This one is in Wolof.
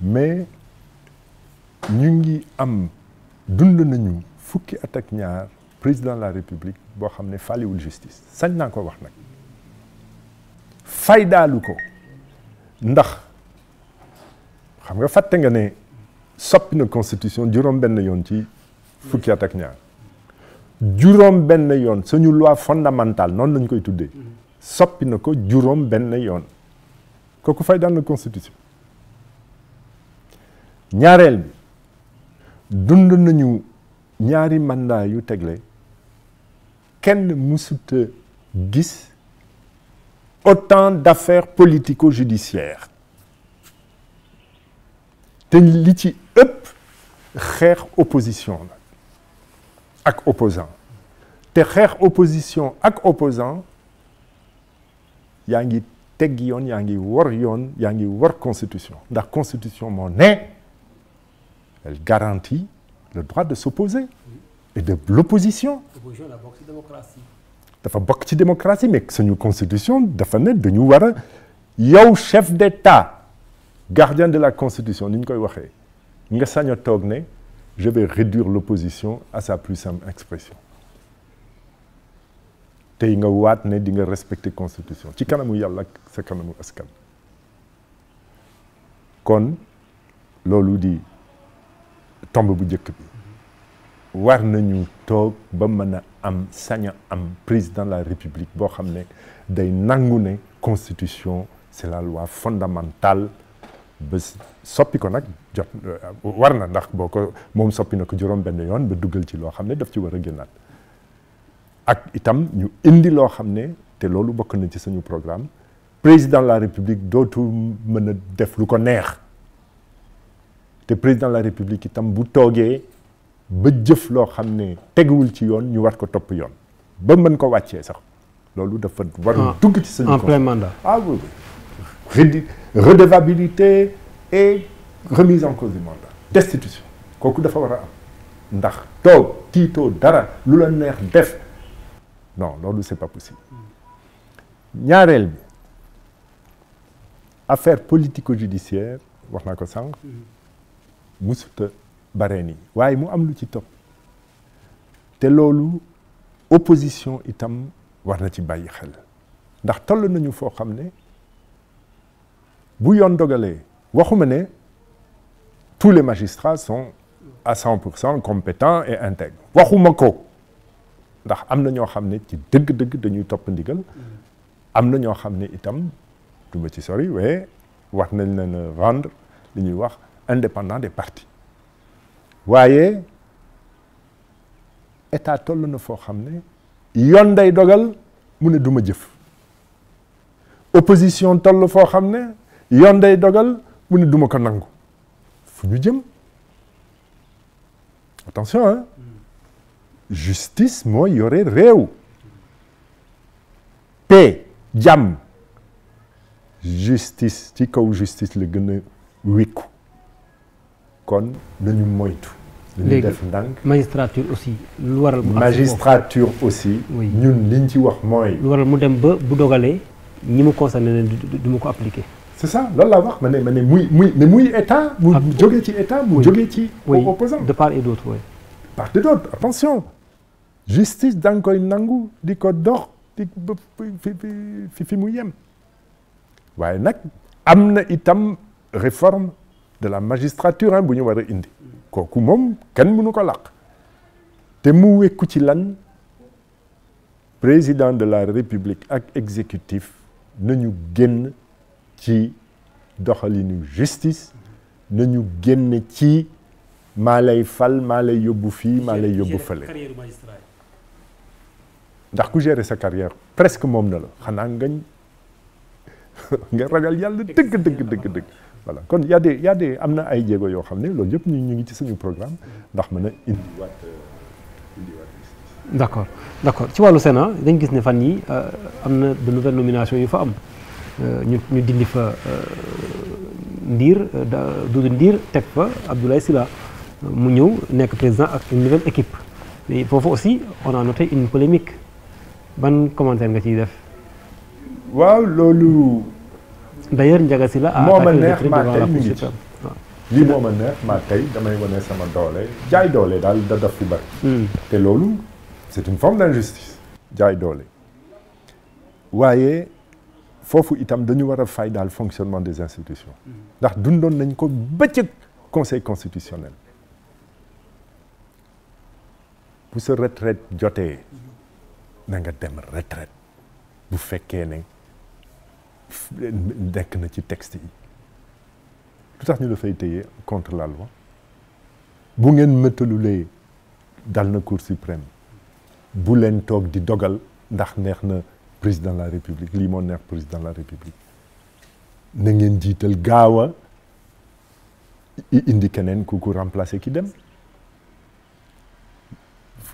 mais ñu ngi am dund nañu fukki at ak ñaar président de la république boo xam ne fàlliwul justice sañ naa ko wax nag faydaalu ko ndax xam nga fàtte nga ne soppi na constitution juróom benn yoon ci fukki at ak ñaar juróom benn yoon suñu loi fondamentale noonu lañ koy tuddee mm-hmm. soppi na ko juróom benn yoon kooku faydaal na constitution ñaareel bi dund nañu ñaari mandat yu tegle kenn gis autant d'affaires politico-judiciaires te li ci ëpp opposition la ak opposant te opposition ak opposant yaa ngi teg yoon yaa ngi constitution ndax constitution elle garantit le droit de s'opposer et de l'opposition. dafa beaucoup de démocratie mais suñu constitution dafa de dañu war a yow chef d'État gardien de la constitution ni koy je vais réduire l'opposition à sa plus simple expression Tu nga waat ne di nga respecter constitution ci kanamu yàlla ak sa kanamu askan kon loolu di tomb bu njëkk bi war nañu toog ba mën a am saña am président de la république boo xam ne day nangu ne constitution c'est la loi fondamentale ba soppi ko nag jot euh, war na ndax boo ko moom soppi na ko juróom benn yoon ba duggal ci loo xam ne daf ci war a ak itam ñu indi loo xam ne te loolu bokk na ci suñu programme président de la république dootu mën a def lu ko neex le président de la république itam bu toogee ba jëf loo xam ne teguwul ci yoon ñu war ko topp yoon ba mën ko wàccee sax loolu dafa warul ah, dugg ci sañ en plein mandat ah oui redevabilité et remise en cause du mandat destitution kooku dafa war a am ndax dara lu la neex def non loolu c'est pas possible ñaareel affaire politico-judiciaire wax ko musuta bare nii mu am lu ci top. te loolu opposition itam war na ci bàyyi xel ndax toll nañu foo xam ne bu yoon dogalee waxuma ne tous les magistrats sont à 100% pour cent compétents et intègres waxuma ko ndax am na ñoo xam ne ci dëgg-dëgg dañuy topp ndigal am na ñoo xam ne itam du ci sori waaye wax nañ leen rendre li ñuy wax indépendant des partis Voyez, état toll na foo xam ne dogal mune ne jëf opposition toll fo xam ne dogal mune ne ko nangu fu jëm attention hein justice mooy yoré réew paix jam, justice ci kaw justice le gën a kon nañu moytu. léegi def ndank magistrature aussi lu waral. magistrature aussi. ñun liñ ci wax mooy. lu waral mu dem ba bu dogalee ñi mu concerné ne du ko appliquer. c'est ça loolu laa wax ma ne ma ne muy muy mais muy état. mu jógee ci état mu jógee ci. opposant de part et d'autre oui. part et d'autre attention justice da koy nangu di ko dox di fi fi mu yem waaye nag am na itam réforme de la magistrature hein bu ñu indi kooku moom kenn mënu ko làq te mu ci lan président de la république ak exécutif nañu génn ci doxalinu justice nañu génn ci malay lay fal malay lay yóbbu fii maa lay ndax ku gérer sa carrière presque mom na la xana nga nga ragal yalla deug deug deug deug voilà kon y a des y a des amna ay jéego yo xamné ne yépp ñu ngi ci suñu programme ndax mëna indi indiwaat euh, indi d' d'accord d'accord ci walu Sénat dañ gis né fan yi euh, amna de nouvelles nominations yu fa am euh, ñu ñu dindi fa ndir Doudou Ndiir tek fa Abdoulaye Sylla mu ñëw nekk président ak une nouvelle équipe mais fofu aussi on a noté une polémique ban commentaire nga ciy def waaw loolu d'ailleurs Ndiaga Sylla moo ma neex maa tey ñu ngi ci lii moo ma neex maa tey damay woné sama doole jaay doole dal da daf fi bari hmm. té lolu c'est une forme d'injustice jaay doole wayé fofu itam dañu wara fay dal fonctionnement des institutions ndax dundon nañ ko bëccëg conseil constitutionnel bu se retraite joté na nga dem retraite bu fekkee ne tout na ci texte yi la contre la loi bu ngeen mëttalulee dans na cour suprême bu vous tok di dogal ndax président de la république li président de la république na ngeen qu'il y a indi keneen ku remplacer